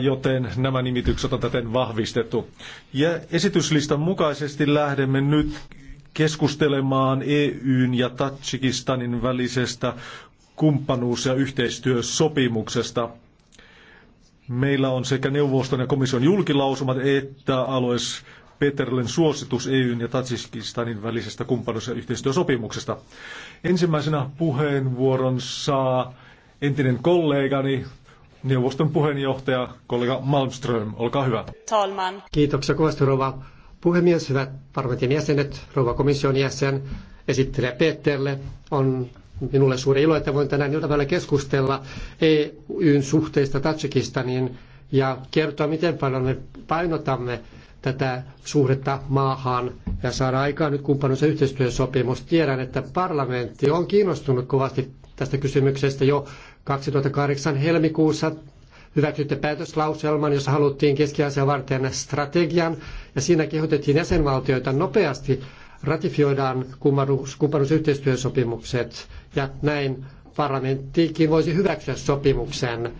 joten nämä nimitykset on täten vahvistettu. Ja esityslistan mukaisesti lähdemme nyt keskustelemaan EUn ja Tatsikistanin välisestä kumppanuus- ja yhteistyösopimuksesta. Meillä on sekä neuvoston ja komission julkilausumat että alois Peterlen suositus EUn ja Tatsikistanin välisestä kumppanuus- ja yhteistyösopimuksesta. Ensimmäisenä puheenvuoron saa entinen kollegani neuvoston puheenjohtaja, kollega Malmström. Olkaa hyvä. Talman. Kiitoksia kovasti, rouva puhemies, hyvät parlamentin jäsenet, rouva komission jäsen, esittelee Peterle. On minulle suuri ilo, että voin tänään iltapäivällä keskustella EUn suhteista Tatsikistaniin ja kertoa, miten paljon me painotamme tätä suhdetta maahan ja saada aikaan nyt kumppanuus- ja yhteistyösopimus. Tiedän, että parlamentti on kiinnostunut kovasti tästä kysymyksestä jo 2008 helmikuussa hyväksytte päätöslauselman, jossa haluttiin keski varten strategian, ja siinä kehotettiin jäsenvaltioita nopeasti ratifioidaan kumppanuusyhteistyösopimukset, ja näin parlamenttiikin voisi hyväksyä sopimuksen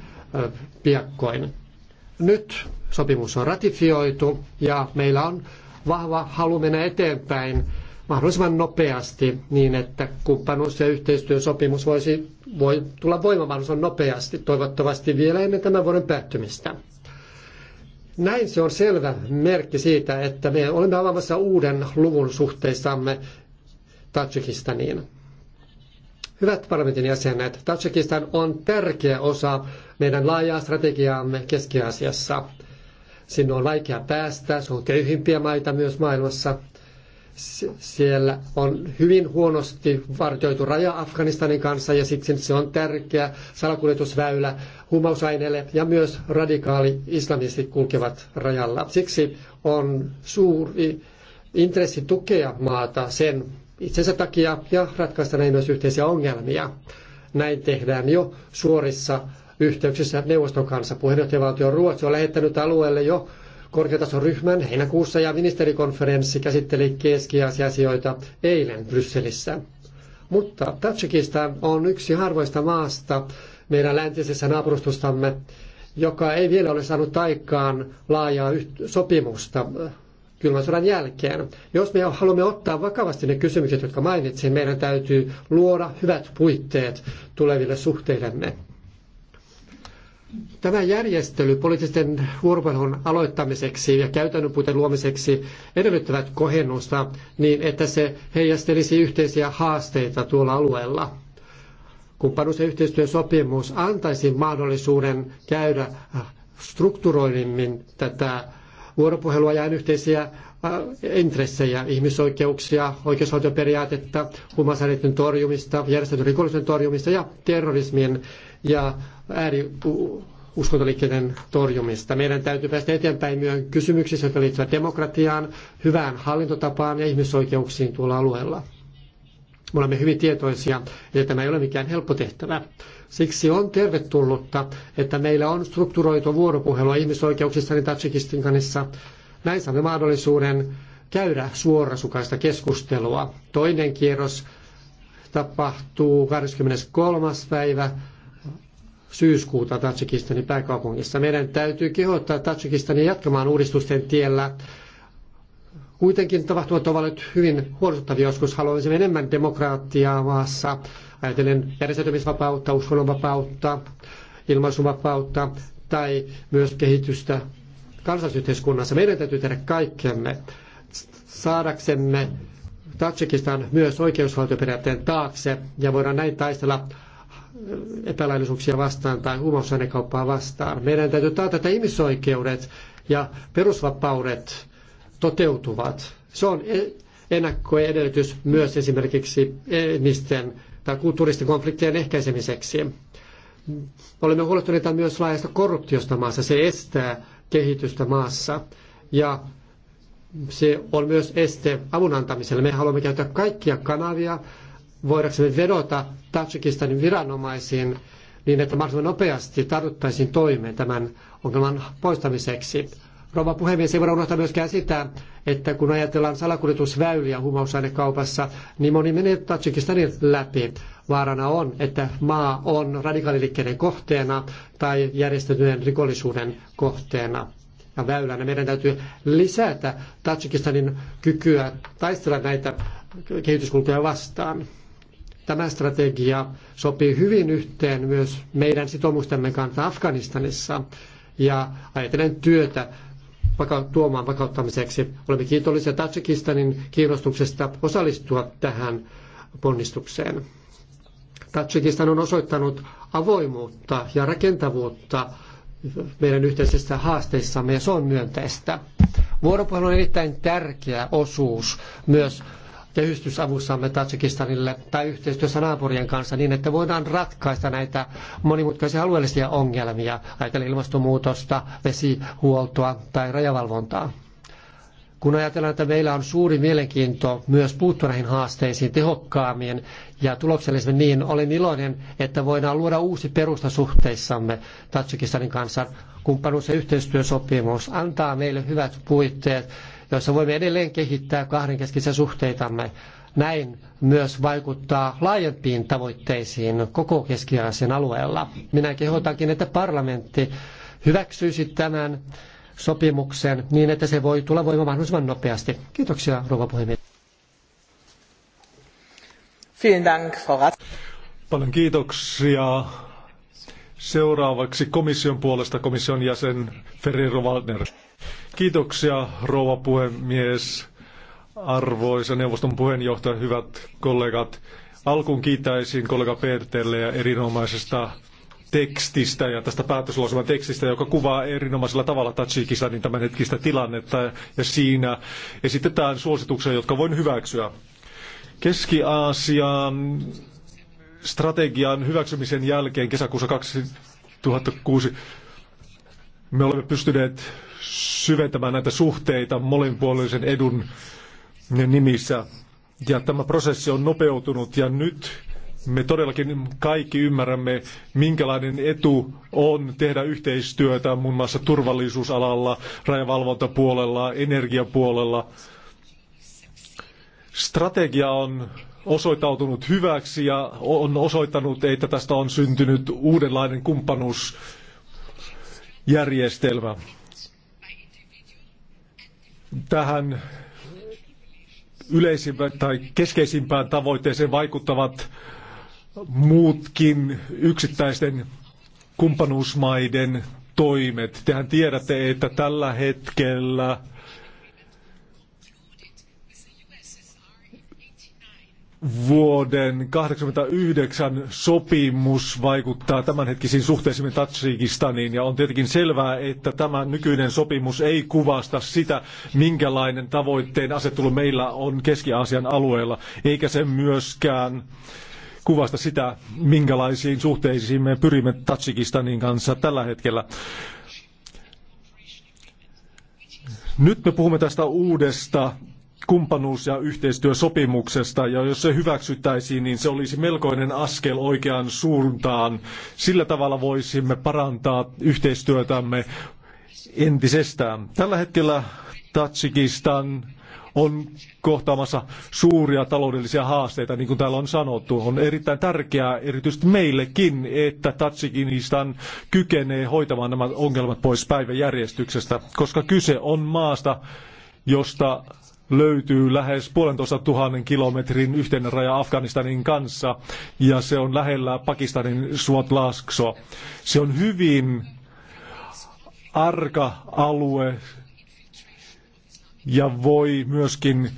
piakkoin. Nyt sopimus on ratifioitu ja meillä on vahva halu mennä eteenpäin mahdollisimman nopeasti niin, että kumppanuus- ja yhteistyösopimus voisi, voi tulla voimaan mahdollisimman nopeasti, toivottavasti vielä ennen tämän vuoden päättymistä. Näin se on selvä merkki siitä, että me olemme avaamassa uuden luvun suhteissamme Tajikistaniin. Hyvät parlamentin jäsenet, Tajikistan on tärkeä osa meidän laajaa strategiaamme Keski-Aasiassa. Sinne on vaikea päästä, se on köyhimpiä maita myös maailmassa – siellä on hyvin huonosti vartioitu raja Afganistanin kanssa ja siksi se on tärkeä salakuljetusväylä huumausaineille ja myös radikaali islamistit kulkevat rajalla. Siksi on suuri intressi tukea maata sen itsensä takia ja ratkaista näin myös yhteisiä ongelmia. Näin tehdään jo suorissa yhteyksissä neuvoston kanssa. Puheenjohtajavaltio Ruotsi on lähettänyt alueelle jo korkeatasoryhmän ryhmän heinäkuussa ja ministerikonferenssi käsitteli keski-asioita eilen Brysselissä. Mutta Tatsikista on yksi harvoista maasta meidän läntisessä naapurustustamme, joka ei vielä ole saanut aikaan laajaa sopimusta äh, kylmän sodan jälkeen. Jos me haluamme ottaa vakavasti ne kysymykset, jotka mainitsin, meidän täytyy luoda hyvät puitteet tuleville suhteillemme. Tämä järjestely poliittisten vuoropuhelun aloittamiseksi ja käytännön puuten luomiseksi edellyttävät kohennusta niin, että se heijastelisi yhteisiä haasteita tuolla alueella. Kumppanuus- ja yhteistyösopimus antaisi mahdollisuuden käydä äh, strukturoidimmin tätä vuoropuhelua ja yhteisiä äh, intressejä, ihmisoikeuksia, oikeusvaltioperiaatetta, huumausaineiden torjumista, järjestetyn rikollisuuden torjumista ja terrorismin ja ääriuskontoliikkeiden torjumista. Meidän täytyy päästä eteenpäin myös kysymyksissä, jotka liittyvät demokratiaan, hyvään hallintotapaan ja ihmisoikeuksiin tuolla alueella. Me olemme hyvin tietoisia, että tämä ei ole mikään helppo tehtävä. Siksi on tervetullutta, että meillä on strukturoitu vuoropuhelua ihmisoikeuksissa niin Tatsikistin kanssa. Näin saamme mahdollisuuden käydä suorasukaista keskustelua. Toinen kierros tapahtuu 23. päivä syyskuuta Tatsikistanin pääkaupungissa. Meidän täytyy kehottaa Tatsikistania jatkamaan uudistusten tiellä. Kuitenkin tapahtumat ovat nyt hyvin huolestuttavia joskus. Haluaisimme enemmän demokraattiaa maassa. Ajatellen järjestäytymisvapautta, uskonnonvapautta, ilmaisuvapautta tai myös kehitystä kansallisyhteiskunnassa. Meidän täytyy tehdä kaikkemme saadaksemme Tatsikistan myös oikeusvaltioperiaatteen taakse ja voidaan näin taistella epälaillisuuksia vastaan tai huumausainekauppaa vastaan. Meidän täytyy taata, että ihmisoikeudet ja perusvapaudet toteutuvat. Se on e- ennakkoedellytys myös esimerkiksi etnisten tai kulttuuristen konfliktien ehkäisemiseksi. Olemme huolestuneita myös laajasta korruptiosta maassa. Se estää kehitystä maassa ja se on myös este avun antamiselle. Me haluamme käyttää kaikkia kanavia, me vedota Tajikistanin viranomaisiin niin, että mahdollisimman nopeasti tartuttaisiin toimeen tämän ongelman poistamiseksi. Rouva puhemies, ei voida unohtaa myöskään sitä, että kun ajatellaan salakuljetusväyliä huumausainekaupassa, niin moni menee Tatsikistanin läpi. Vaarana on, että maa on radikaaliliikkeiden kohteena tai järjestetyn rikollisuuden kohteena ja väylänä. Meidän täytyy lisätä Tatsikistanin kykyä taistella näitä kehityskulkuja vastaan. Tämä strategia sopii hyvin yhteen myös meidän sitoumustemme kanssa Afganistanissa ja ajatellen työtä tuomaan vakauttamiseksi. Olemme kiitollisia Tatsikistanin kiinnostuksesta osallistua tähän ponnistukseen. Tatsikistan on osoittanut avoimuutta ja rakentavuutta meidän yhteisissä haasteissamme ja se on myönteistä. Vuoropuhelu on erittäin tärkeä osuus myös kehitysavussamme Tatsikistanille tai yhteistyössä naapurien kanssa niin, että voidaan ratkaista näitä monimutkaisia alueellisia ongelmia, ajatellen ilmastonmuutosta, vesihuoltoa tai rajavalvontaa. Kun ajatellaan, että meillä on suuri mielenkiinto myös puuttua näihin haasteisiin tehokkaammin ja tuloksellisemmin, niin olen iloinen, että voidaan luoda uusi perusta suhteissamme Tatsikistanin kanssa. Kumppanuus- ja yhteistyösopimus antaa meille hyvät puitteet joissa voimme edelleen kehittää kahdenkeskisiä suhteitamme. Näin myös vaikuttaa laajempiin tavoitteisiin koko keski alueella. Minä kehotankin, että parlamentti hyväksyisi tämän sopimuksen niin, että se voi tulla voimaan mahdollisimman nopeasti. Kiitoksia, rouva puhemies. Paljon kiitoksia. Seuraavaksi komission puolesta komission jäsen Ferrero Waldner. Kiitoksia, rouva puhemies, arvoisa neuvoston puheenjohtaja, hyvät kollegat. Alkuun kiittäisin kollega Pertelle ja erinomaisesta tekstistä ja tästä päätöslausuman tekstistä, joka kuvaa erinomaisella tavalla Tajikistanin tämänhetkistä tilannetta ja siinä esitetään suosituksia, jotka voin hyväksyä. Keski-Aasian strategian hyväksymisen jälkeen kesäkuussa 2006 me olemme pystyneet syventämään näitä suhteita molempuolisen edun nimissä. Ja tämä prosessi on nopeutunut ja nyt me todellakin kaikki ymmärrämme, minkälainen etu on tehdä yhteistyötä muun muassa turvallisuusalalla, rajavalvontapuolella, energiapuolella. Strategia on osoittautunut hyväksi ja on osoittanut, että tästä on syntynyt uudenlainen kumppanuusjärjestelmä tähän yleisimpään tai keskeisimpään tavoitteeseen vaikuttavat muutkin yksittäisten kumppanuusmaiden toimet. Tehän tiedätte, että tällä hetkellä vuoden 1989 sopimus vaikuttaa tämänhetkisiin suhteisiin Tatsikistaniin ja on tietenkin selvää, että tämä nykyinen sopimus ei kuvasta sitä, minkälainen tavoitteen asettelu meillä on Keski-Aasian alueella, eikä se myöskään kuvasta sitä, minkälaisiin suhteisiin me pyrimme Tatsikistanin kanssa tällä hetkellä. Nyt me puhumme tästä uudesta kumppanuus- ja yhteistyösopimuksesta, ja jos se hyväksyttäisiin, niin se olisi melkoinen askel oikeaan suuntaan. Sillä tavalla voisimme parantaa yhteistyötämme entisestään. Tällä hetkellä Tatsikistan on kohtaamassa suuria taloudellisia haasteita, niin kuin täällä on sanottu. On erittäin tärkeää, erityisesti meillekin, että Tatsikinistan kykenee hoitamaan nämä ongelmat pois päiväjärjestyksestä, koska kyse on maasta, josta löytyy lähes puolentoista tuhannen kilometrin yhteinen raja Afganistanin kanssa ja se on lähellä Pakistanin Suotlaaksoa. Se on hyvin arka alue ja voi myöskin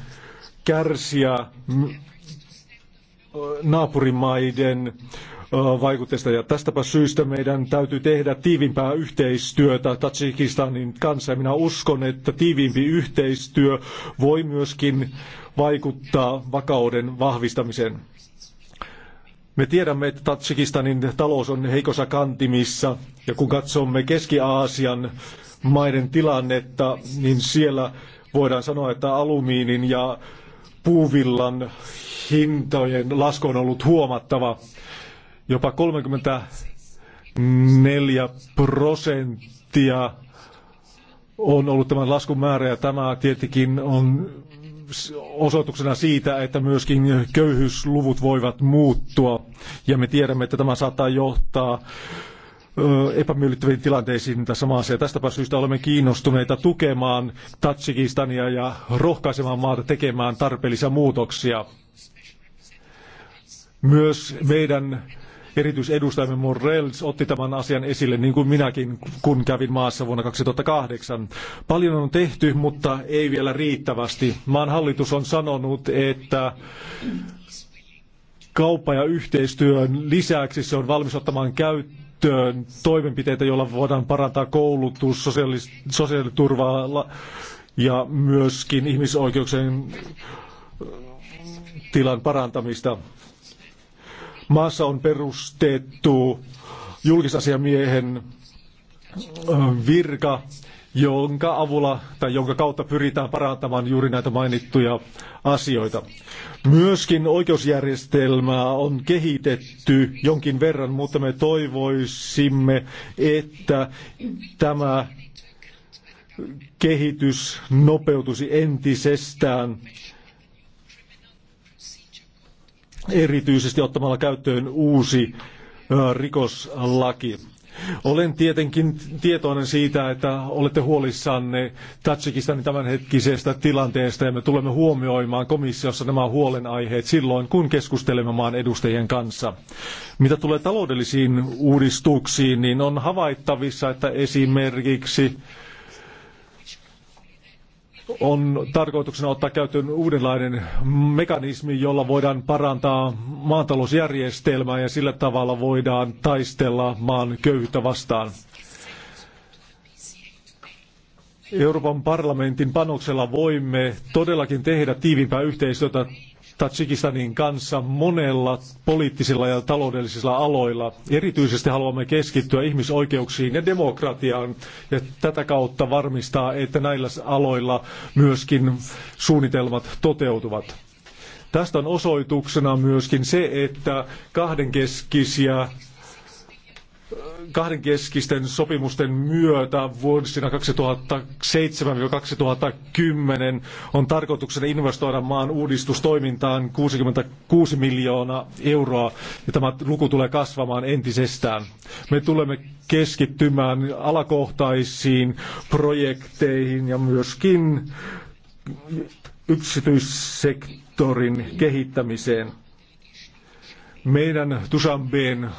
kärsiä naapurimaiden äh, Äh, vaikutteista. Ja tästäpä syystä meidän täytyy tehdä tiivimpää yhteistyötä Tatsikistanin kanssa. Ja minä uskon, että tiiviimpi yhteistyö voi myöskin vaikuttaa vakauden vahvistamiseen. Me tiedämme, että Tatsikistanin talous on heikossa kantimissa ja kun katsomme Keski-Aasian maiden tilannetta, niin siellä voidaan sanoa, että alumiinin ja puuvillan hintojen lasku on ollut huomattava. Jopa 34 prosenttia on ollut tämän laskun määrä ja tämä tietenkin on osoituksena siitä, että myöskin köyhyysluvut voivat muuttua. Ja me tiedämme, että tämä saattaa johtaa epämiellyttäviin tilanteisiin tässä maassa. Ja tästäpä syystä olemme kiinnostuneita tukemaan Tatsikistania ja rohkaisemaan maata tekemään tarpeellisia muutoksia. Myös meidän erityisedustajamme Morrells otti tämän asian esille, niin kuin minäkin, kun kävin maassa vuonna 2008. Paljon on tehty, mutta ei vielä riittävästi. Maan hallitus on sanonut, että kauppa- ja yhteistyön lisäksi se on valmis ottamaan käyttöön toimenpiteitä, joilla voidaan parantaa koulutus, sosiaalis- sosiaaliturvaa ja myöskin ihmisoikeuksien tilan parantamista. Maassa on perustettu julkisasiamiehen virka, jonka avulla tai jonka kautta pyritään parantamaan juuri näitä mainittuja asioita. Myöskin oikeusjärjestelmää on kehitetty jonkin verran, mutta me toivoisimme, että tämä kehitys nopeutuisi entisestään erityisesti ottamalla käyttöön uusi rikoslaki. Olen tietenkin tietoinen siitä, että olette huolissanne Tatsikistanin tämänhetkisestä tilanteesta ja me tulemme huomioimaan komissiossa nämä huolenaiheet silloin, kun keskustelemme maan edustajien kanssa. Mitä tulee taloudellisiin uudistuksiin, niin on havaittavissa, että esimerkiksi on tarkoituksena ottaa käyttöön uudenlainen mekanismi, jolla voidaan parantaa maatalousjärjestelmää ja sillä tavalla voidaan taistella maan köyhyyttä vastaan. Euroopan parlamentin panoksella voimme todellakin tehdä tiiviimpää yhteistyötä Tatsikistanin kanssa monella poliittisilla ja taloudellisilla aloilla. Erityisesti haluamme keskittyä ihmisoikeuksiin ja demokratiaan ja tätä kautta varmistaa, että näillä aloilla myöskin suunnitelmat toteutuvat. Tästä on osoituksena myöskin se, että kahdenkeskisiä kahdenkeskisten sopimusten myötä vuosina 2007-2010 on tarkoituksena investoida maan uudistustoimintaan 66 miljoonaa euroa ja tämä luku tulee kasvamaan entisestään. Me tulemme keskittymään alakohtaisiin projekteihin ja myöskin yksityissektorin kehittämiseen. Meidän Dushanbeen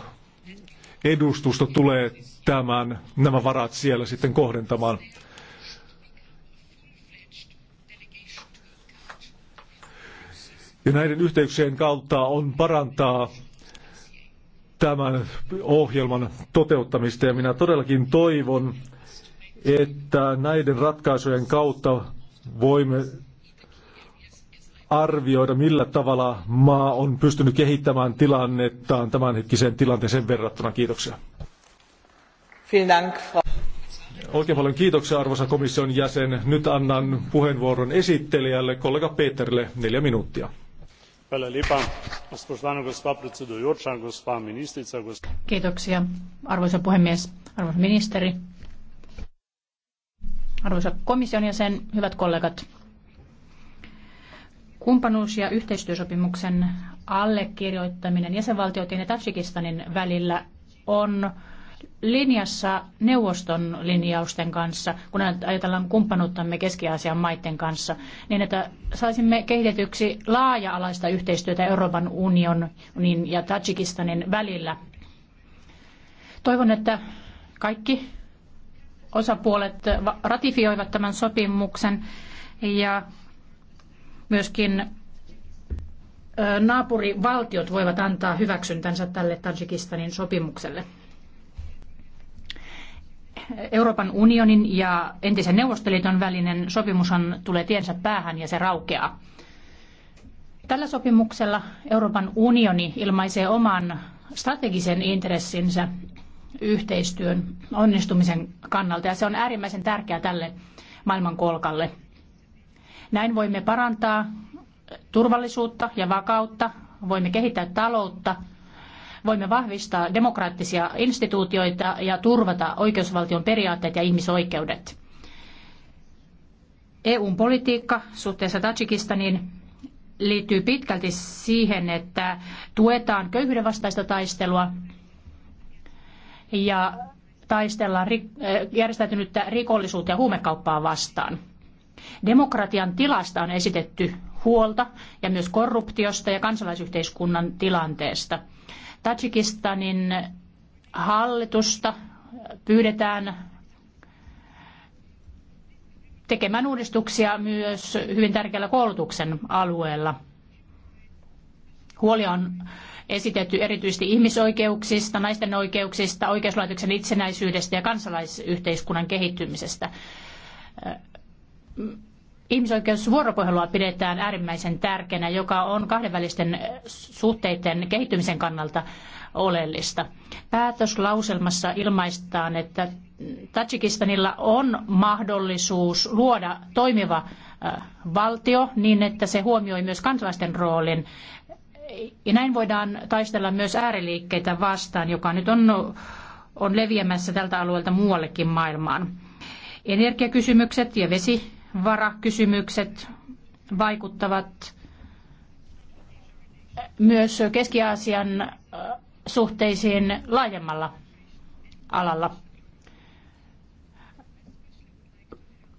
Edustusto tulee tämän, nämä varat siellä sitten kohdentamaan. Ja näiden yhteyksien kautta on parantaa tämän ohjelman toteuttamista ja minä todellakin toivon, että näiden ratkaisujen kautta voimme arvioida, millä tavalla maa on pystynyt kehittämään tilannettaan tämänhetkiseen tilanteeseen verrattuna. Kiitoksia. Oikein paljon kiitoksia arvoisa komission jäsen. Nyt annan puheenvuoron esittelijälle, kollega Peterille, neljä minuuttia. Kiitoksia arvoisa puhemies, arvoisa ministeri, arvoisa komission jäsen, hyvät kollegat. Kumppanuus- ja yhteistyösopimuksen allekirjoittaminen jäsenvaltioiden ja Tatsikistanin välillä on linjassa neuvoston linjausten kanssa, kun ajatellaan kumppanuuttamme Keski-Aasian maiden kanssa, niin että saisimme kehitetyksi laaja-alaista yhteistyötä Euroopan unionin niin ja Tajikistanin välillä. Toivon, että kaikki osapuolet ratifioivat tämän sopimuksen ja Myöskin naapurivaltiot voivat antaa hyväksyntänsä tälle Tajikistanin sopimukselle. Euroopan unionin ja entisen Neuvostoliiton välinen sopimushan tulee tiensä päähän ja se raukeaa. Tällä sopimuksella Euroopan unioni ilmaisee oman strategisen intressinsä yhteistyön onnistumisen kannalta ja se on äärimmäisen tärkeää tälle maailmankolkalle – näin voimme parantaa turvallisuutta ja vakautta, voimme kehittää taloutta, voimme vahvistaa demokraattisia instituutioita ja turvata oikeusvaltion periaatteet ja ihmisoikeudet. EUn politiikka suhteessa Tajikistaniin liittyy pitkälti siihen, että tuetaan köyhyyden vastaista taistelua ja taistellaan eh, järjestäytynyttä rikollisuutta ja huumekauppaa vastaan. Demokratian tilasta on esitetty huolta ja myös korruptiosta ja kansalaisyhteiskunnan tilanteesta. Tajikistanin hallitusta pyydetään tekemään uudistuksia myös hyvin tärkeällä koulutuksen alueella. Huolia on esitetty erityisesti ihmisoikeuksista, naisten oikeuksista, oikeuslaitoksen itsenäisyydestä ja kansalaisyhteiskunnan kehittymisestä ihmisoikeusvuoropuhelua pidetään äärimmäisen tärkeänä, joka on kahdenvälisten suhteiden kehittymisen kannalta oleellista. Päätöslauselmassa ilmaistaan, että Tajikistanilla on mahdollisuus luoda toimiva valtio niin, että se huomioi myös kansalaisten roolin. Ja näin voidaan taistella myös ääriliikkeitä vastaan, joka nyt on, on leviämässä tältä alueelta muuallekin maailmaan. Energiakysymykset ja vesi varakysymykset vaikuttavat myös Keski-Aasian äh, suhteisiin laajemmalla alalla.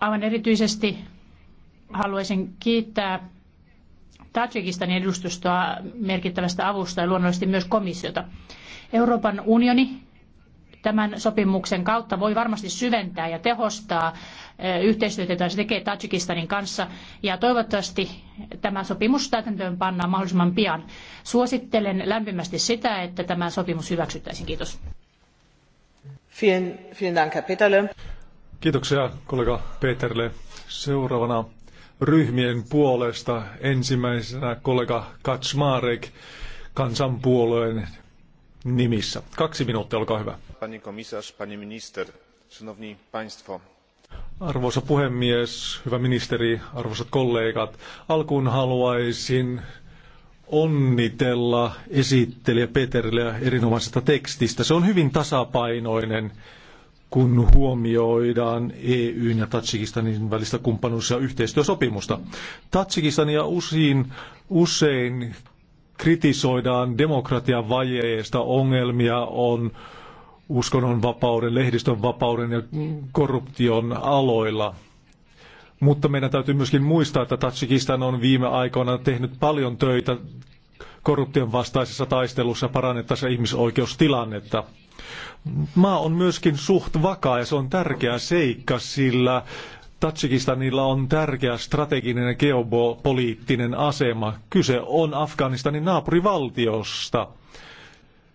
Aivan erityisesti haluaisin kiittää Tajikistanin edustustoa merkittävästä avusta ja luonnollisesti myös komissiota. Euroopan unioni tämän sopimuksen kautta voi varmasti syventää ja tehostaa yhteistyötä, jota se tekee Tajikistanin kanssa. Ja toivottavasti tämä sopimus täytäntöön pannaan mahdollisimman pian. Suosittelen lämpimästi sitä, että tämä sopimus hyväksyttäisiin. Kiitos. Kiitoksia kollega Peterle. Seuraavana ryhmien puolesta ensimmäisenä kollega Kaczmarek kansanpuolueen nimissä. Kaksi minuuttia, olkaa hyvä. komisarz, minister, szanowni państwo. Arvoisa puhemies, hyvä ministeri, arvoisat kollegat. Alkuun haluaisin onnitella esittelijä Peterille erinomaisesta tekstistä. Se on hyvin tasapainoinen, kun huomioidaan EUn ja Tatsikistanin välistä kumppanuus- ja yhteistyösopimusta. ja usein, usein kritisoidaan demokratian vajeesta, ongelmia on uskonnonvapauden, lehdistön vapauden ja korruption aloilla. Mutta meidän täytyy myöskin muistaa, että Tatsikistan on viime aikoina tehnyt paljon töitä korruption vastaisessa taistelussa parannettaessa ihmisoikeustilannetta. Maa on myöskin suht vakaa ja se on tärkeä seikka, sillä Tatsikistanilla on tärkeä strateginen ja geopoliittinen asema. Kyse on Afganistanin naapurivaltiosta.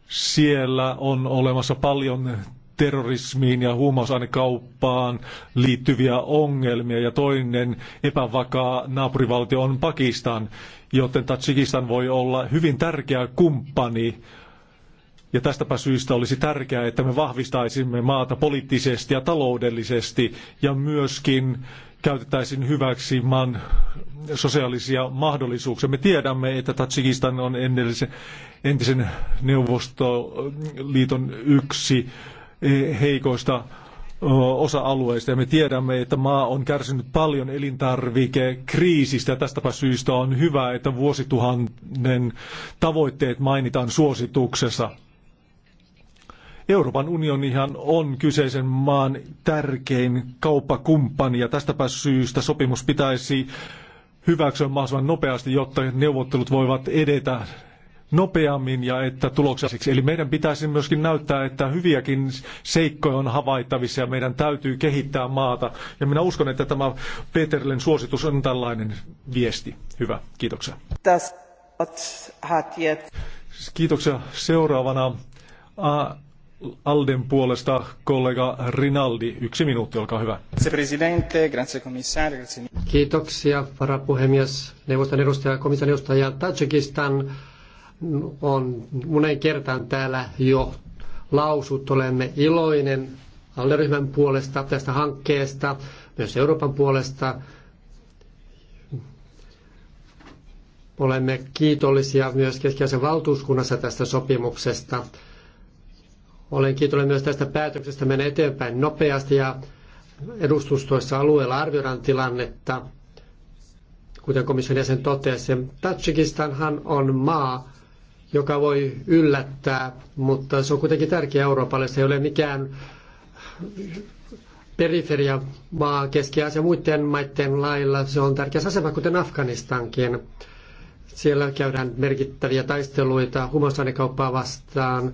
Siellä on olemassa paljon terrorismiin ja huumausainekauppaan liittyviä ongelmia ja toinen epävakaa naapurivaltio on Pakistan, joten Tatsikistan voi olla hyvin tärkeä kumppani ja tästäpä syystä olisi tärkeää, että me vahvistaisimme maata poliittisesti ja taloudellisesti ja myöskin käytettäisiin hyväksi maan sosiaalisia mahdollisuuksia. Me tiedämme, että Tatsikistan on entisen Neuvostoliiton yksi eh, heikoista osa-alueista ja me tiedämme, että maa on kärsinyt paljon elintarvikekriisistä ja tästäpä syystä on hyvä, että vuosituhannen tavoitteet mainitaan suosituksessa. Euroopan unionihan on kyseisen maan tärkein kauppakumppani ja tästäpä syystä sopimus pitäisi hyväksyä mahdollisimman nopeasti, jotta neuvottelut voivat edetä nopeammin ja että tuloksellisiksi. Eli meidän pitäisi myöskin näyttää, että hyviäkin seikkoja on havaittavissa ja meidän täytyy kehittää maata. Ja minä uskon, että tämä Peterlen suositus on tällainen viesti. Hyvä, kiitoksia. Kiitoksia. Seuraavana Alden puolesta kollega Rinaldi. Yksi minuutti, olkaa hyvä. Kiitoksia, varapuhemies, neuvoston edustaja, komission edustaja Tajikistan on monen kertaan täällä jo lausut. Olemme iloinen alleryhmän puolesta tästä hankkeesta, myös Euroopan puolesta. Olemme kiitollisia myös keskeisen valtuuskunnassa tästä sopimuksesta. Olen kiitollinen myös tästä päätöksestä mennä eteenpäin nopeasti ja edustustoissa alueella arvioidaan tilannetta. Kuten komission jäsen totesi, Tajikistanhan on maa, joka voi yllättää, mutta se on kuitenkin tärkeä Euroopalle. Se ei ole mikään periferia maa keski ja muiden maiden lailla. Se on tärkeä asema, kuten Afganistankin. Siellä käydään merkittäviä taisteluita huumausainekauppaa vastaan,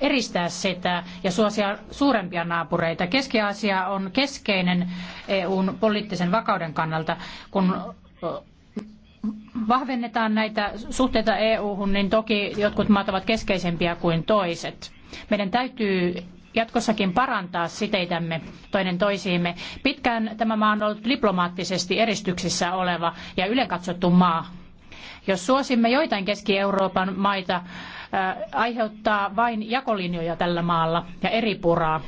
eristää sitä ja suosia suurempia naapureita. Keski-Aasia on keskeinen EUn poliittisen vakauden kannalta, kun vahvennetaan näitä suhteita EU-hun, niin toki jotkut maat ovat keskeisempiä kuin toiset. Meidän täytyy jatkossakin parantaa siteitämme toinen toisiimme. Pitkään tämä maa on ollut diplomaattisesti eristyksissä oleva ja ylenkatsottu maa. Jos suosimme joitain Keski-Euroopan maita, aiheuttaa vain jakolinjoja tällä maalla ja eri puraa.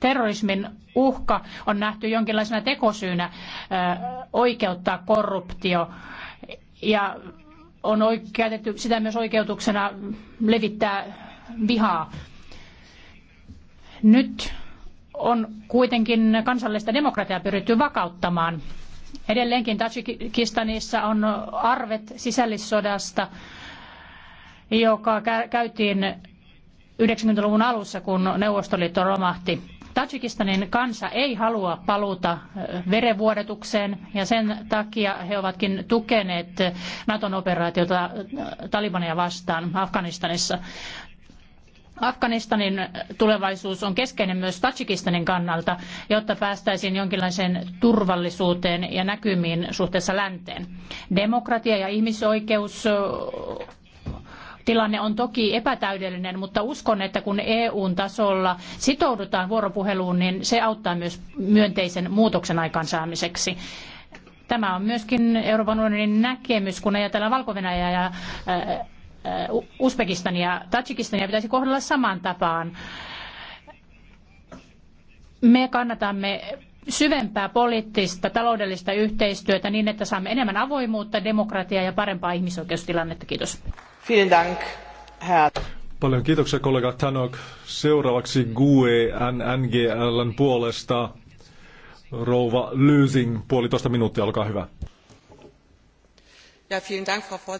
Terrorismin uhka on nähty jonkinlaisena tekosyynä oikeuttaa korruptio ja on käytetty sitä myös oikeutuksena levittää vihaa. Nyt on kuitenkin kansallista demokratiaa pyritty vakauttamaan. Edelleenkin Tajikistanissa on arvet sisällissodasta joka käytiin 90-luvun alussa, kun Neuvostoliitto romahti. Tajikistanin kansa ei halua paluuta verenvuodetukseen ja sen takia he ovatkin tukeneet Naton operaatiota Talibania vastaan Afganistanissa. Afganistanin tulevaisuus on keskeinen myös Tajikistanin kannalta, jotta päästäisiin jonkinlaiseen turvallisuuteen ja näkymiin suhteessa länteen. Demokratia ja ihmisoikeus Tilanne on toki epätäydellinen, mutta uskon, että kun EUn tasolla sitoudutaan vuoropuheluun, niin se auttaa myös myönteisen muutoksen aikaansaamiseksi. Tämä on myöskin Euroopan unionin näkemys, kun ajatellaan valko ja äh, äh, Uzbekistania, Tajikistania pitäisi kohdella samaan tapaan. Me kannatamme syvempää poliittista, taloudellista yhteistyötä niin, että saamme enemmän avoimuutta, demokratiaa ja parempaa ihmisoikeustilannetta. Kiitos. Vielen dank, herr. Paljon kiitoksia kollega Tanok. Seuraavaksi GUE NGLn puolesta rouva Lösing, puolitoista minuuttia, olkaa hyvä. Ja, vielen dank, Frau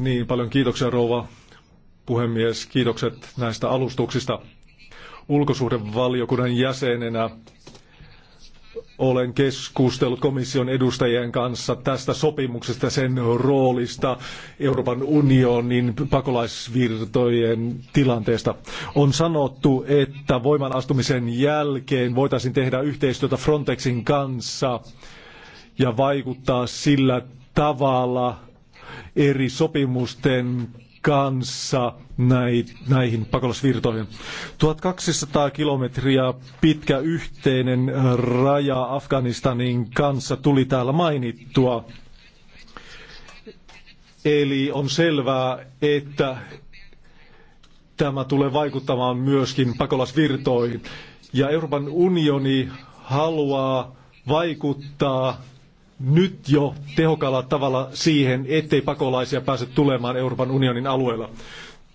niin, paljon kiitoksia rouva puhemies. Kiitokset näistä alustuksista. Ulkosuhdevaliokunnan jäsenenä olen keskustellut komission edustajien kanssa tästä sopimuksesta, sen roolista, Euroopan unionin pakolaisvirtojen tilanteesta. On sanottu, että voiman astumisen jälkeen voitaisiin tehdä yhteistyötä Frontexin kanssa ja vaikuttaa sillä tavalla eri sopimusten kanssa näihin pakolaisvirtoihin. 1200 kilometriä pitkä yhteinen raja Afganistanin kanssa tuli täällä mainittua. Eli on selvää, että tämä tulee vaikuttamaan myöskin pakolaisvirtoihin. Ja Euroopan unioni haluaa vaikuttaa nyt jo tehokalla tavalla siihen, ettei pakolaisia pääse tulemaan Euroopan unionin alueella.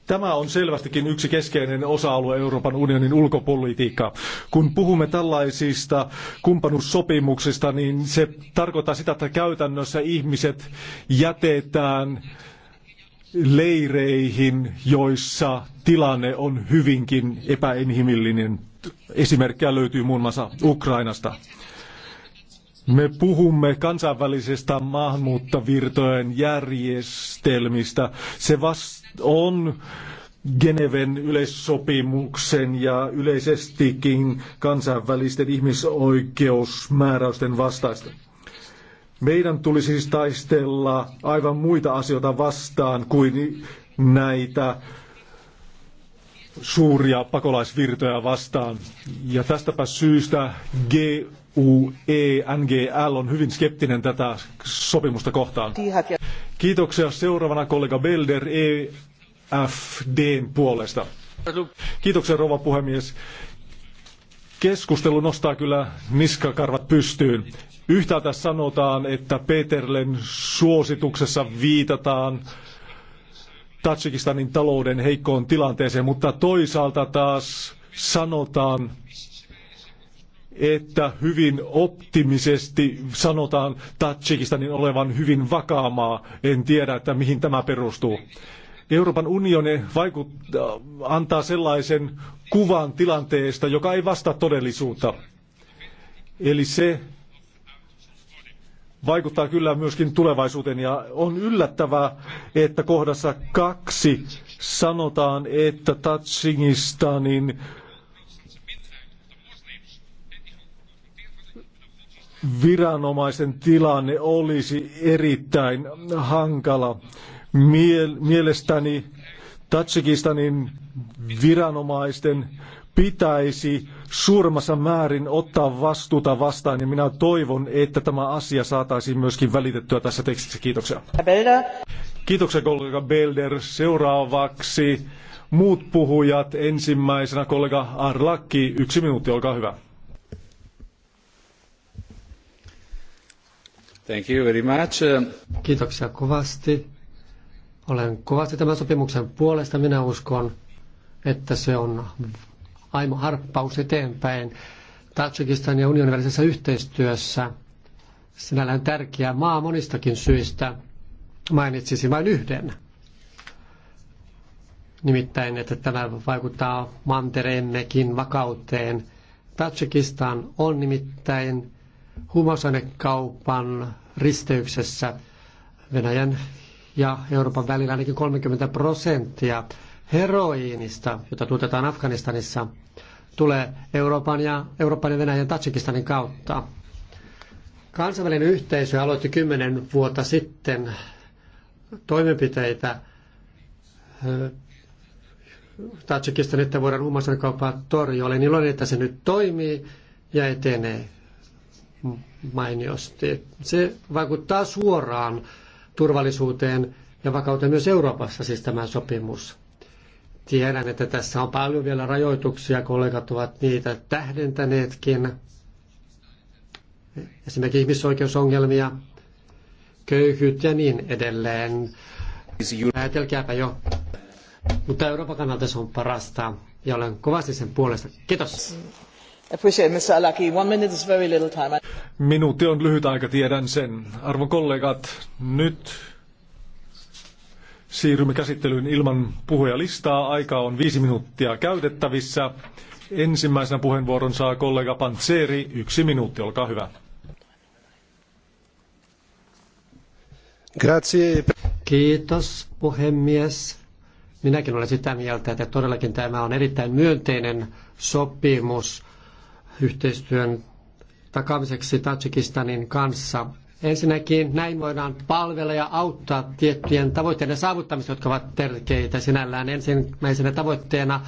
Tämä on selvästikin yksi keskeinen osa-alue Euroopan unionin ulkopolitiikkaa. Kun puhumme tällaisista kumppanuussopimuksista, niin se tarkoittaa sitä, että käytännössä ihmiset jätetään leireihin, joissa tilanne on hyvinkin epäinhimillinen. Esimerkkejä löytyy muun muassa Ukrainasta. Me puhumme kansainvälisestä maahanmuuttavirtojen järjestelmistä. Se vast on Geneven yleissopimuksen ja yleisestikin kansainvälisten ihmisoikeusmääräysten vastaista. Meidän tulisi siis taistella aivan muita asioita vastaan kuin näitä suuria pakolaisvirtoja vastaan. Ja tästäpä syystä GUE, NGL on hyvin skeptinen tätä sopimusta kohtaan. Kiitoksia seuraavana kollega Belder EFDn puolesta. Kiitoksia rouva puhemies. Keskustelu nostaa kyllä niskakarvat pystyyn. Yhtäältä sanotaan, että Peterlen suosituksessa viitataan Tatsikistanin talouden heikkoon tilanteeseen, mutta toisaalta taas sanotaan, että hyvin optimisesti sanotaan Tatsikistanin olevan hyvin vakaamaa. En tiedä, että mihin tämä perustuu. Euroopan unioni antaa sellaisen kuvan tilanteesta, joka ei vastaa todellisuutta. Eli se, vaikuttaa kyllä myöskin tulevaisuuteen ja on yllättävää, että kohdassa kaksi sanotaan, että Tatsinistanin viranomaisen tilanne olisi erittäin hankala. mielestäni Tatsikistanin viranomaisten pitäisi suurimmassa määrin ottaa vastuuta vastaan, ja minä toivon, että tämä asia saataisiin myöskin välitettyä tässä tekstissä. Kiitoksia. Belder. Kiitoksia kollega Belder. Seuraavaksi muut puhujat. Ensimmäisenä kollega Arlakki. Yksi minuutti, olkaa hyvä. Thank you very much. Kiitoksia kovasti. Olen kovasti tämän sopimuksen puolesta. Minä uskon, että se on aimo harppaus eteenpäin Tatsikistan ja unionin välisessä yhteistyössä. Sinällään tärkeä maa monistakin syistä. Mainitsisin vain yhden. Nimittäin, että tämä vaikuttaa mantereemmekin vakauteen. Tatsikistan on nimittäin huumausainekaupan risteyksessä Venäjän ja Euroopan välillä ainakin 30 prosenttia heroiinista, jota tuotetaan Afganistanissa, tulee Euroopan ja, Euroopan ja Venäjän Tatsikistanin kautta. Kansainvälinen yhteisö aloitti kymmenen vuotta sitten toimenpiteitä Tatsikistan, että voidaan kauppaa torjua. Olen iloinen, että se nyt toimii ja etenee mainiosti. Se vaikuttaa suoraan turvallisuuteen ja vakauteen myös Euroopassa, siis tämä sopimus. Tiedän, että tässä on paljon vielä rajoituksia, kollegat ovat niitä tähdentäneetkin. Esimerkiksi ihmisoikeusongelmia, köyhyyttä ja niin edelleen. Päätelkääpä jo. Mutta Euroopan kannalta se on parasta ja olen kovasti sen puolesta. Kiitos. Minuutti on lyhyt aika, tiedän sen. Arvon kollegat, nyt Siirrymme käsittelyyn ilman puhujalistaa. Aikaa on viisi minuuttia käytettävissä. Ensimmäisenä puheenvuoron saa kollega Panzeri Yksi minuutti, olkaa hyvä. Grazie. Kiitos puhemies. Minäkin olen sitä mieltä, että todellakin tämä on erittäin myönteinen sopimus yhteistyön takaamiseksi Tajikistanin kanssa. Ensinnäkin näin voidaan palvella ja auttaa tiettyjen tavoitteiden saavuttamista, jotka ovat tärkeitä sinällään. Ensimmäisenä tavoitteena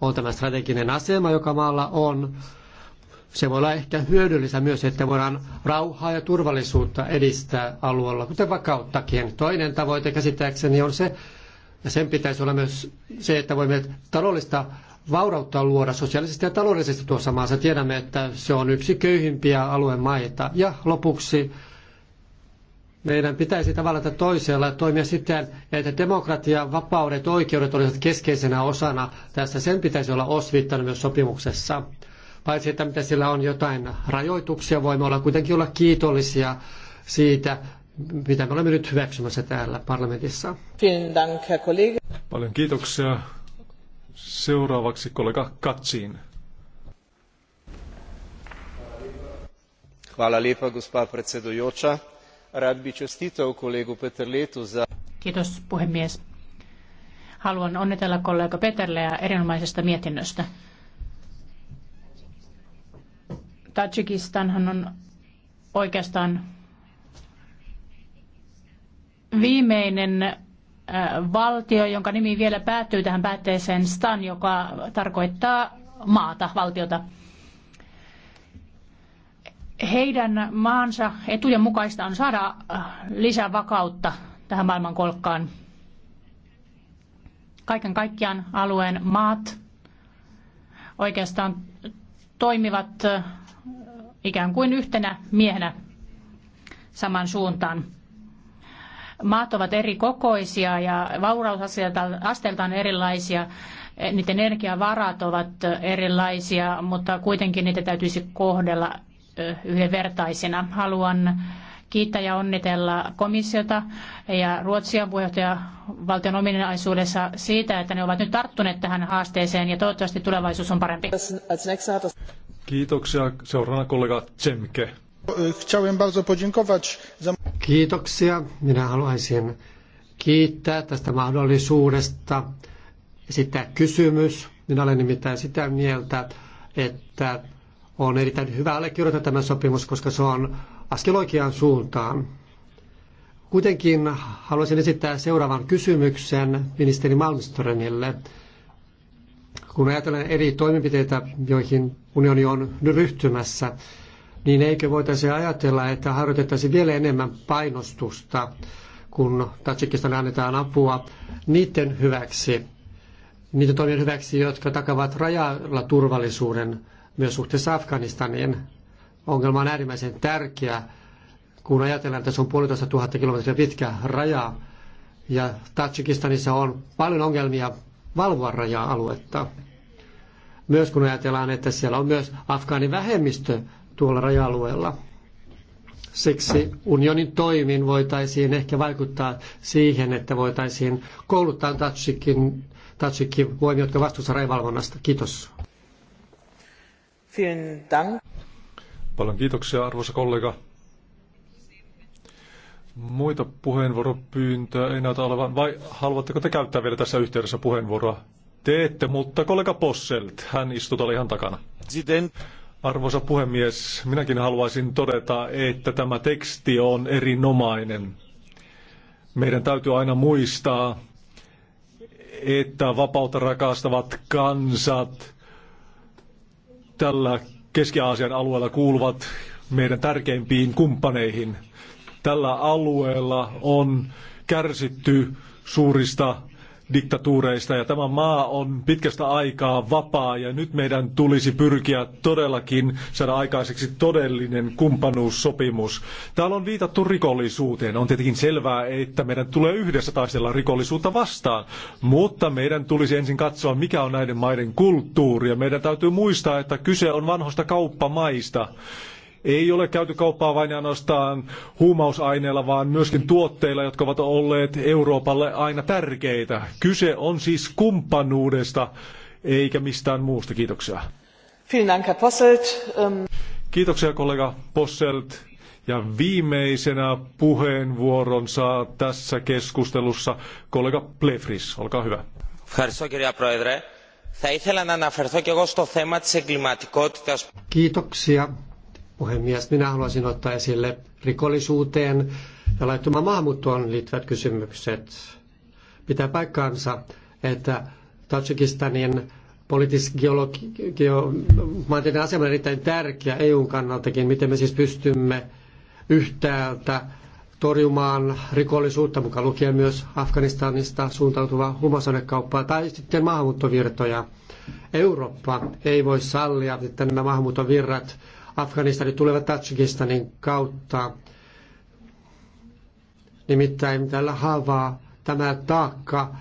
on tämä strateginen asema, joka maalla on. Se voi olla ehkä hyödyllistä myös, että voidaan rauhaa ja turvallisuutta edistää alueella, kuten vakauttakin. Toinen tavoite käsittääkseni on se, ja sen pitäisi olla myös se, että voimme taloudellista vaurautta luoda sosiaalisesti ja taloudellisesti tuossa maassa. Tiedämme, että se on yksi köyhimpiä alueen maita. Ja lopuksi meidän pitäisi tavalla tai toisella toimia siten, että demokratia, vapaudet, oikeudet olisivat keskeisenä osana tässä. Sen pitäisi olla osviittana myös sopimuksessa. Paitsi, että mitä sillä on jotain rajoituksia, voimme olla kuitenkin olla kiitollisia siitä, mitä me olemme nyt hyväksymässä täällä parlamentissa. Paljon kiitoksia. Seuraavaksi kollega Katsiin. Hvala lepa, gospa predsedujoča Rad bi čestitev kolegu Peterletu za... Kiitos puhemies. Haluan onnitella kollega Peterleä erinomaisesta mietinnöstä. Tajikistanhan on oikeastaan viimeinen äh, valtio, jonka nimi vielä päättyy tähän päätteeseen stan, joka tarkoittaa maata, valtiota. Heidän maansa etujen mukaista on saada äh, lisää vakautta tähän maailmankolkkaan. Kaiken kaikkiaan alueen maat oikeastaan toimivat äh, ikään kuin yhtenä miehenä saman suuntaan. Maat ovat eri kokoisia ja vaurausasteeltaan erilaisia. Niiden energiavarat ovat erilaisia, mutta kuitenkin niitä täytyisi kohdella yhdenvertaisina. Haluan kiittää ja onnitella komissiota ja Ruotsia puheenjohtaja valtion ominaisuudessa siitä, että ne ovat nyt tarttuneet tähän haasteeseen ja toivottavasti tulevaisuus on parempi. Kiitoksia. Seuraavana kollega Tsemke. Kiitoksia. Minä haluaisin kiittää tästä mahdollisuudesta esittää kysymys. Minä olen nimittäin sitä mieltä, että on erittäin hyvä allekirjoittaa tämä sopimus, koska se on askel oikeaan suuntaan. Kuitenkin haluaisin esittää seuraavan kysymyksen ministeri Malmströmille. Kun ajatellaan eri toimenpiteitä, joihin unioni on nyt ryhtymässä, niin eikö voitaisi ajatella, että harjoitettaisiin vielä enemmän painostusta, kun Tatsikistan annetaan apua niiden hyväksi, niiden toimien hyväksi, jotka takavat rajalla turvallisuuden myös suhteessa Afganistaniin. Ongelma on äärimmäisen tärkeä, kun ajatellaan, että se on puolitoista tuhatta kilometriä pitkä raja. Ja Tatsikistanissa on paljon ongelmia valvoa raja-aluetta. Myös kun ajatellaan, että siellä on myös afgaanin vähemmistö tuolla raja-alueella. Siksi unionin toimin voitaisiin ehkä vaikuttaa siihen, että voitaisiin kouluttaa Tatsikin, Tatsikin voimia, jotka vastuussa rajavalvonnasta. Kiitos. Vielen Dank. Paljon kiitoksia, arvoisa kollega. Muita puheenvuoropyyntöjä ei näytä olevan. Vai haluatteko te käyttää vielä tässä yhteydessä puheenvuoroa? Teette, mutta kollega Posselt, hän istuu tuolla ihan takana. Arvoisa puhemies, minäkin haluaisin todeta, että tämä teksti on erinomainen. Meidän täytyy aina muistaa, että vapautta rakastavat kansat – tällä Keski-Aasian alueella kuuluvat meidän tärkeimpiin kumppaneihin. Tällä alueella on kärsitty suurista diktatuureista ja tämä maa on pitkästä aikaa vapaa ja nyt meidän tulisi pyrkiä todellakin saada aikaiseksi todellinen kumppanuussopimus. Täällä on viitattu rikollisuuteen. On tietenkin selvää, että meidän tulee yhdessä taistella rikollisuutta vastaan, mutta meidän tulisi ensin katsoa, mikä on näiden maiden kulttuuri ja meidän täytyy muistaa, että kyse on vanhoista kauppamaista ei ole käyty kauppaa vain ainoastaan huumausaineilla, vaan myöskin tuotteilla, jotka ovat olleet Euroopalle aina tärkeitä. Kyse on siis kumppanuudesta, eikä mistään muusta. Kiitoksia. Ähm, Kiitoksia kollega Posselt. Ja viimeisenä puheenvuoron saa tässä keskustelussa kollega Plefris. Olkaa hyvä. Ευχαριστώ κυρία puhemies. Minä haluaisin ottaa esille rikollisuuteen ja laittomaan maahanmuuttoon liittyvät kysymykset. Pitää paikkaansa, että Tajikistanin poliittis geologinen asema on erittäin tärkeä EUn kannaltakin, miten me siis pystymme yhtäältä torjumaan rikollisuutta, mukaan lukien myös Afganistanista suuntautuvaa huumausainekauppaa tai sitten maahanmuuttovirtoja. Eurooppa ei voi sallia, että nämä maahanmuuttovirrat Afganistanin tulevat Tajikistanin kautta. Nimittäin tällä haavaa tämä taakka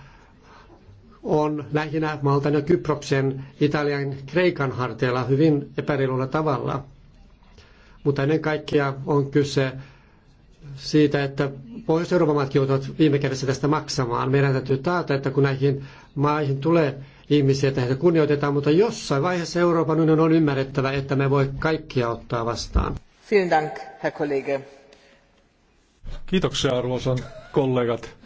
on lähinnä Maltan ja Kyproksen, Italian, Kreikan harteilla hyvin epäreilulla tavalla. Mutta ennen kaikkea on kyse siitä, että Pohjois-Euroopan maat joutuvat viime kädessä tästä maksamaan. Meidän täytyy taata, että kun näihin maihin tulee ihmisiä, että heitä kunnioitetaan, mutta jossain vaiheessa Euroopan unionin on ymmärrettävä, että me voi kaikkia ottaa vastaan. Vielen Dank, Herr Kollege. Kiitoksia arvoisan kollegat.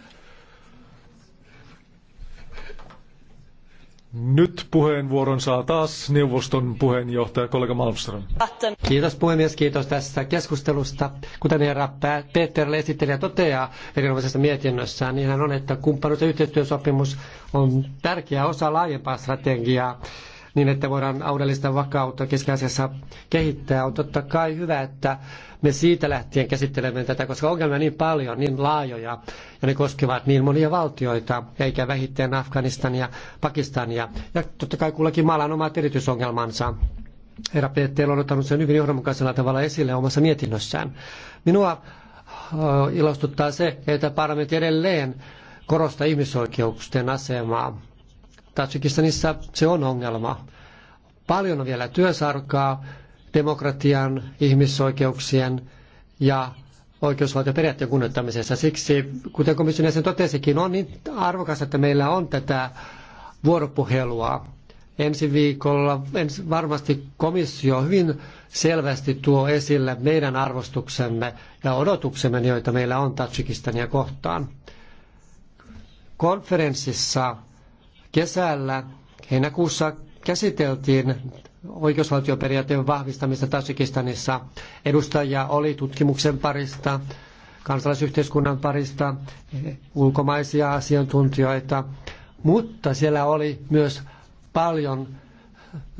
Nyt puheenvuoron saa taas neuvoston puheenjohtaja kollega Malmström. Kiitos puhemies, kiitos tästä keskustelusta. Kuten herra Peter esittelijä toteaa erinomaisessa mietinnössään, niin hän on, että kumppanuus- ja yhteistyösopimus on tärkeä osa laajempaa strategiaa niin, että voidaan audellista vakautta keskiasiassa kehittää. On totta kai hyvä, että me siitä lähtien käsittelemme tätä, koska ongelmia on niin paljon, niin laajoja, ja ne koskevat niin monia valtioita, eikä vähiten Afganistania, Pakistania. Ja totta kai kullakin maalla on omat erityisongelmansa. Herra Peter on ottanut sen hyvin johdonmukaisella tavalla esille omassa mietinnössään. Minua ilostuttaa se, että parlamentti edelleen korostaa ihmisoikeuksien asemaa. Tatsikistanissa se on ongelma. Paljon on vielä työsarkaa demokratian, ihmisoikeuksien ja oikeusvaltioperiaatteen kunnioittamisessa. Siksi, kuten komission jäsen totesikin, on niin arvokas, että meillä on tätä vuoropuhelua. Ensi viikolla ens, varmasti komissio hyvin selvästi tuo esille meidän arvostuksemme ja odotuksemme, joita meillä on Tatsikistania kohtaan. Konferenssissa Kesällä heinäkuussa käsiteltiin oikeusvaltioperiaatteen vahvistamista Tasikistanissa. Edustajia oli tutkimuksen parista, kansalaisyhteiskunnan parista, ulkomaisia asiantuntijoita, mutta siellä oli myös paljon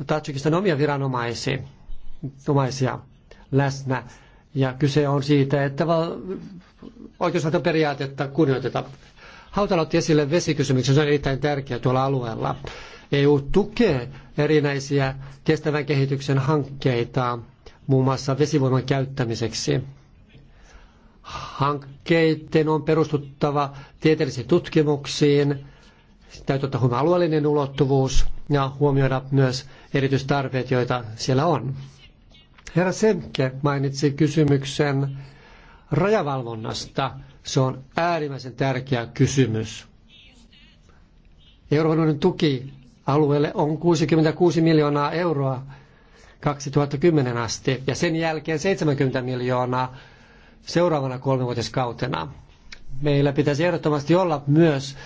Tatsikistan omia viranomaisia läsnä. Ja kyse on siitä, että oikeusvaltioperiaatetta kunnioitetaan. Hautala otti esille vesikysymyksen, se on erittäin tärkeä tuolla alueella. EU tukee erinäisiä kestävän kehityksen hankkeita muun muassa vesivoiman käyttämiseksi. Hankkeiden on perustuttava tieteellisiin tutkimuksiin, täytyy ottaa huomioon alueellinen ulottuvuus ja huomioida myös erityistarpeet, joita siellä on. Herra Semke mainitsi kysymyksen rajavalvonnasta – se on äärimmäisen tärkeä kysymys. Euroopan tuki alueelle on 66 miljoonaa euroa 2010 asti ja sen jälkeen 70 miljoonaa seuraavana kolmivuotiskautena. Meillä pitäisi ehdottomasti olla myös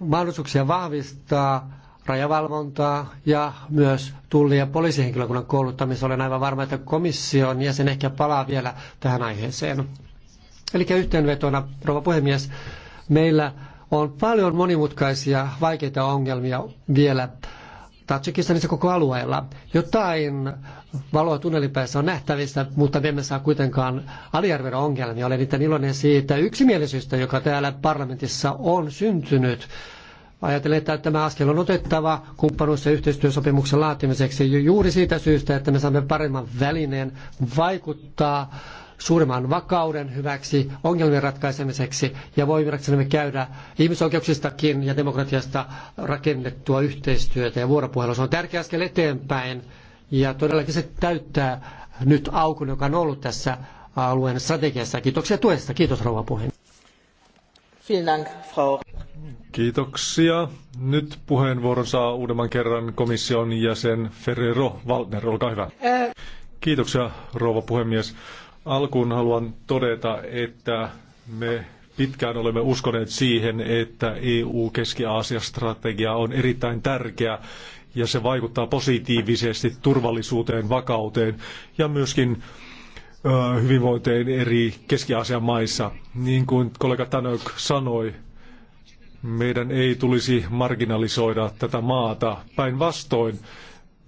mahdollisuuksia vahvistaa rajavalvontaa ja myös tulli- ja poliisihenkilökunnan kouluttamista. Olen aivan varma, että komission jäsen ehkä palaa vielä tähän aiheeseen. Eli yhteenvetona, rouva puhemies, meillä on paljon monimutkaisia, vaikeita ongelmia vielä Tatsikistanissa koko alueella. Jotain valoa tunnelin on nähtävissä, mutta me emme saa kuitenkaan aliarvioida ongelmia. Olen niitä iloinen siitä yksimielisyystä, joka täällä parlamentissa on syntynyt. Ajatellen, että tämä askel on otettava kumppanuus- ja yhteistyösopimuksen laatimiseksi juuri siitä syystä, että me saamme paremman välineen vaikuttaa suuremman vakauden hyväksi, ongelmien ratkaisemiseksi ja voimme käydä ihmisoikeuksistakin ja demokratiasta rakennettua yhteistyötä ja vuoropuhelua. Se on tärkeä askel eteenpäin ja todellakin se täyttää nyt aukon, joka on ollut tässä alueen strategiassa. Kiitoksia tuesta. Kiitos rouva puhemies. Kiitoksia. Nyt puheenvuoron saa uudemman kerran komission jäsen Ferrero Waldner. Olkaa hyvä. Äh. Kiitoksia, rouva puhemies. Alkuun haluan todeta, että me pitkään olemme uskoneet siihen, että EU-Keski-Aasia-strategia on erittäin tärkeä ja se vaikuttaa positiivisesti turvallisuuteen, vakauteen ja myöskin hyvinvointeen eri Keski-Aasian maissa. Niin kuin kollega Tanök sanoi, meidän ei tulisi marginalisoida tätä maata. Päinvastoin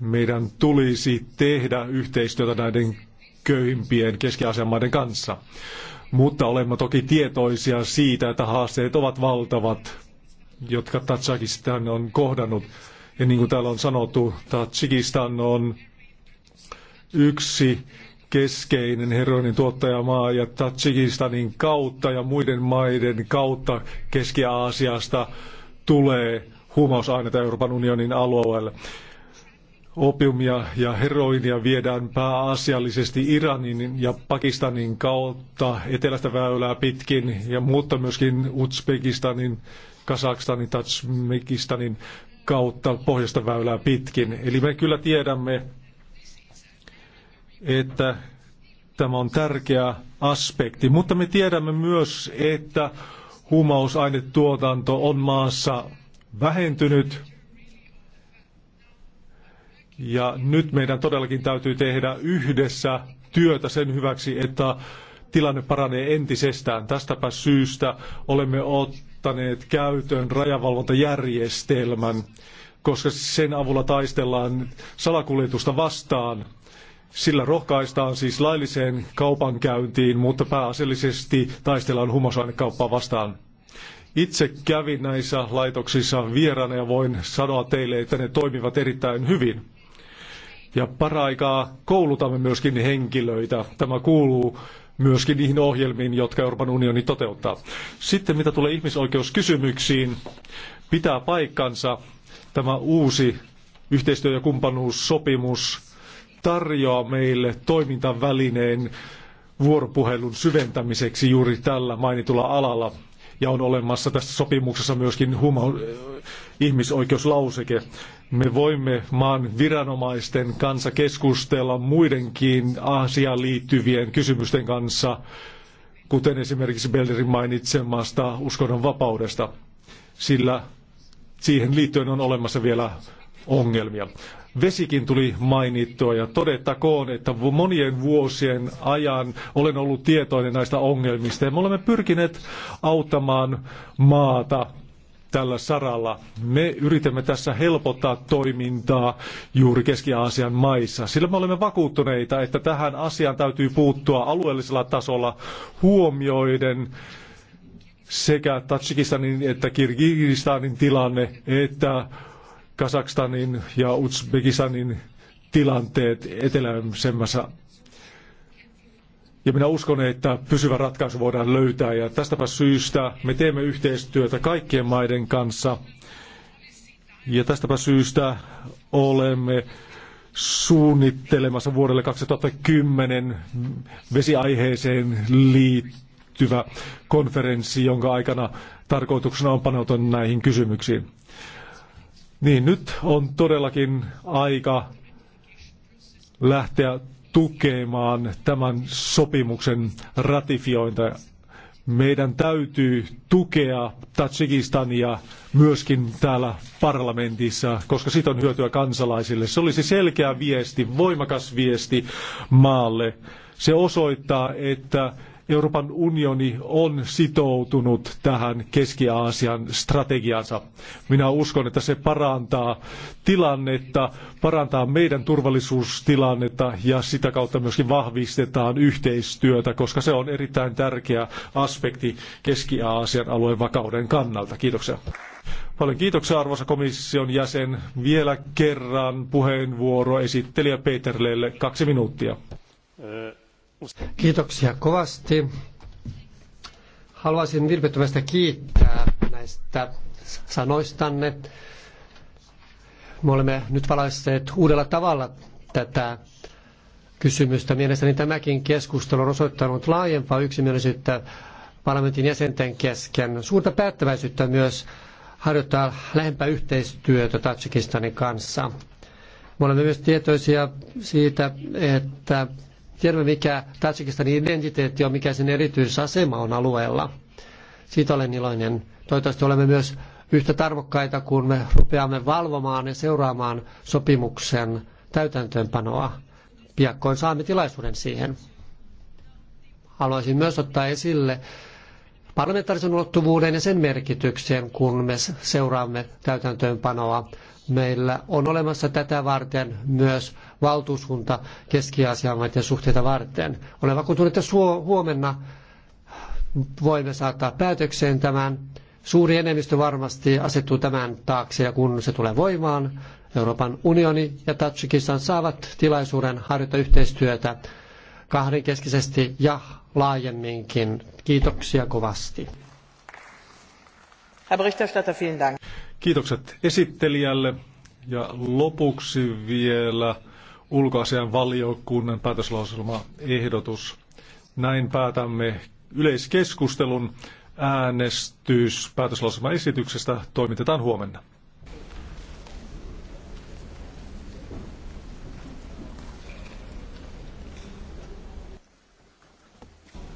meidän tulisi tehdä yhteistyötä näiden köyhimpien keski-Aasian maiden kanssa. Mutta olemme toki tietoisia siitä, että haasteet ovat valtavat, jotka Tatsikistan on kohdannut. Ja niin kuin täällä on sanottu, Tatsikistan on yksi keskeinen heroinin tuottajamaa ja Tatsikistanin kautta ja muiden maiden kautta Keski-Aasiasta tulee huumausaineita Euroopan unionin alueelle. Opiumia ja heroinia viedään pääasiallisesti Iranin ja Pakistanin kautta etelästä väylää pitkin, ja, muutta myöskin Uzbekistanin, Kazakstanin, Tatsmekistanin kautta pohjoista väylää pitkin. Eli me kyllä tiedämme, että tämä on tärkeä aspekti, mutta me tiedämme myös, että huumausainetuotanto on maassa vähentynyt ja nyt meidän todellakin täytyy tehdä yhdessä työtä sen hyväksi, että tilanne paranee entisestään. Tästäpä syystä olemme ottaneet käytön rajavalvontajärjestelmän, koska sen avulla taistellaan salakuljetusta vastaan. Sillä rohkaistaan siis lailliseen kaupankäyntiin, mutta pääasiallisesti taistellaan huumausainekauppaa vastaan. Itse kävin näissä laitoksissa vieraana ja voin sanoa teille, että ne toimivat erittäin hyvin. Ja paraikaa koulutamme myöskin henkilöitä. Tämä kuuluu myöskin niihin ohjelmiin, jotka Euroopan unioni toteuttaa. Sitten mitä tulee ihmisoikeuskysymyksiin, pitää paikkansa tämä uusi yhteistyö- ja kumppanuussopimus tarjoaa meille toimintavälineen vuoropuhelun syventämiseksi juuri tällä mainitulla alalla. Ja on olemassa tässä sopimuksessa myöskin huma- ihmisoikeuslauseke. Me voimme maan viranomaisten kanssa keskustella muidenkin asiaan liittyvien kysymysten kanssa, kuten esimerkiksi Bellerin mainitsemasta uskonnonvapaudesta, sillä siihen liittyen on olemassa vielä ongelmia. Vesikin tuli mainittua ja todettakoon, että monien vuosien ajan olen ollut tietoinen näistä ongelmista ja me olemme pyrkineet auttamaan maata tällä saralla. Me yritämme tässä helpottaa toimintaa juuri Keski-Aasian maissa, sillä me olemme vakuuttuneita, että tähän asiaan täytyy puuttua alueellisella tasolla huomioiden sekä Tatsikistanin että Kirgistanin tilanne, että Kazakstanin ja Uzbekistanin tilanteet eteläisemmässä ja minä uskon, että pysyvä ratkaisu voidaan löytää ja tästäpä syystä me teemme yhteistyötä kaikkien maiden kanssa. Ja tästäpä syystä olemme suunnittelemassa vuodelle 2010 vesiaiheeseen liittyvä konferenssi, jonka aikana tarkoituksena on paneutua näihin kysymyksiin. Niin nyt on todellakin aika lähteä tukemaan tämän sopimuksen ratifiointia. Meidän täytyy tukea Tajikistania myöskin täällä parlamentissa, koska siitä on hyötyä kansalaisille. Se olisi selkeä viesti, voimakas viesti maalle. Se osoittaa, että Euroopan unioni on sitoutunut tähän Keski-Aasian strategiansa. Minä uskon, että se parantaa tilannetta, parantaa meidän turvallisuustilannetta ja sitä kautta myöskin vahvistetaan yhteistyötä, koska se on erittäin tärkeä aspekti Keski-Aasian alueen vakauden kannalta. Kiitoksia. Paljon kiitoksia arvoisa komission jäsen. Vielä kerran puheenvuoro esittelijä Peterlelle kaksi minuuttia. Kiitoksia kovasti. Haluaisin vilpittömästä kiittää näistä sanoistanne. Me olemme nyt valaisseet uudella tavalla tätä kysymystä. Mielestäni tämäkin keskustelu on osoittanut laajempaa yksimielisyyttä parlamentin jäsenten kesken. Suurta päättäväisyyttä myös harjoittaa lähempää yhteistyötä Tatsikistanin kanssa. Me olemme myös tietoisia siitä, että Tiedämme, mikä Tatsikistanin identiteetti on, mikä sen erityisasema on alueella. Siitä olen iloinen. Toivottavasti olemme myös yhtä tarvokkaita, kun me rupeamme valvomaan ja seuraamaan sopimuksen täytäntöönpanoa. Piakkoin saamme tilaisuuden siihen. Haluaisin myös ottaa esille parlamentaarisen ulottuvuuden ja sen merkityksen, kun me seuraamme täytäntöönpanoa Meillä on olemassa tätä varten myös valtuuskunta Keski-Aasian maiden suhteita varten. Olen vakuuttunut, että huomenna voimme saattaa päätökseen tämän. Suuri enemmistö varmasti asettuu tämän taakse ja kun se tulee voimaan, Euroopan unioni ja Tatsikistan saavat tilaisuuden harjoittaa yhteistyötä kahdenkeskisesti ja laajemminkin. Kiitoksia kovasti. Herr Berichterstatter, vielen Dank. Kiitokset esittelijälle ja lopuksi vielä ulkoasian valiokunnan ehdotus. Näin päätämme yleiskeskustelun äänestys esityksestä toimitetaan huomenna.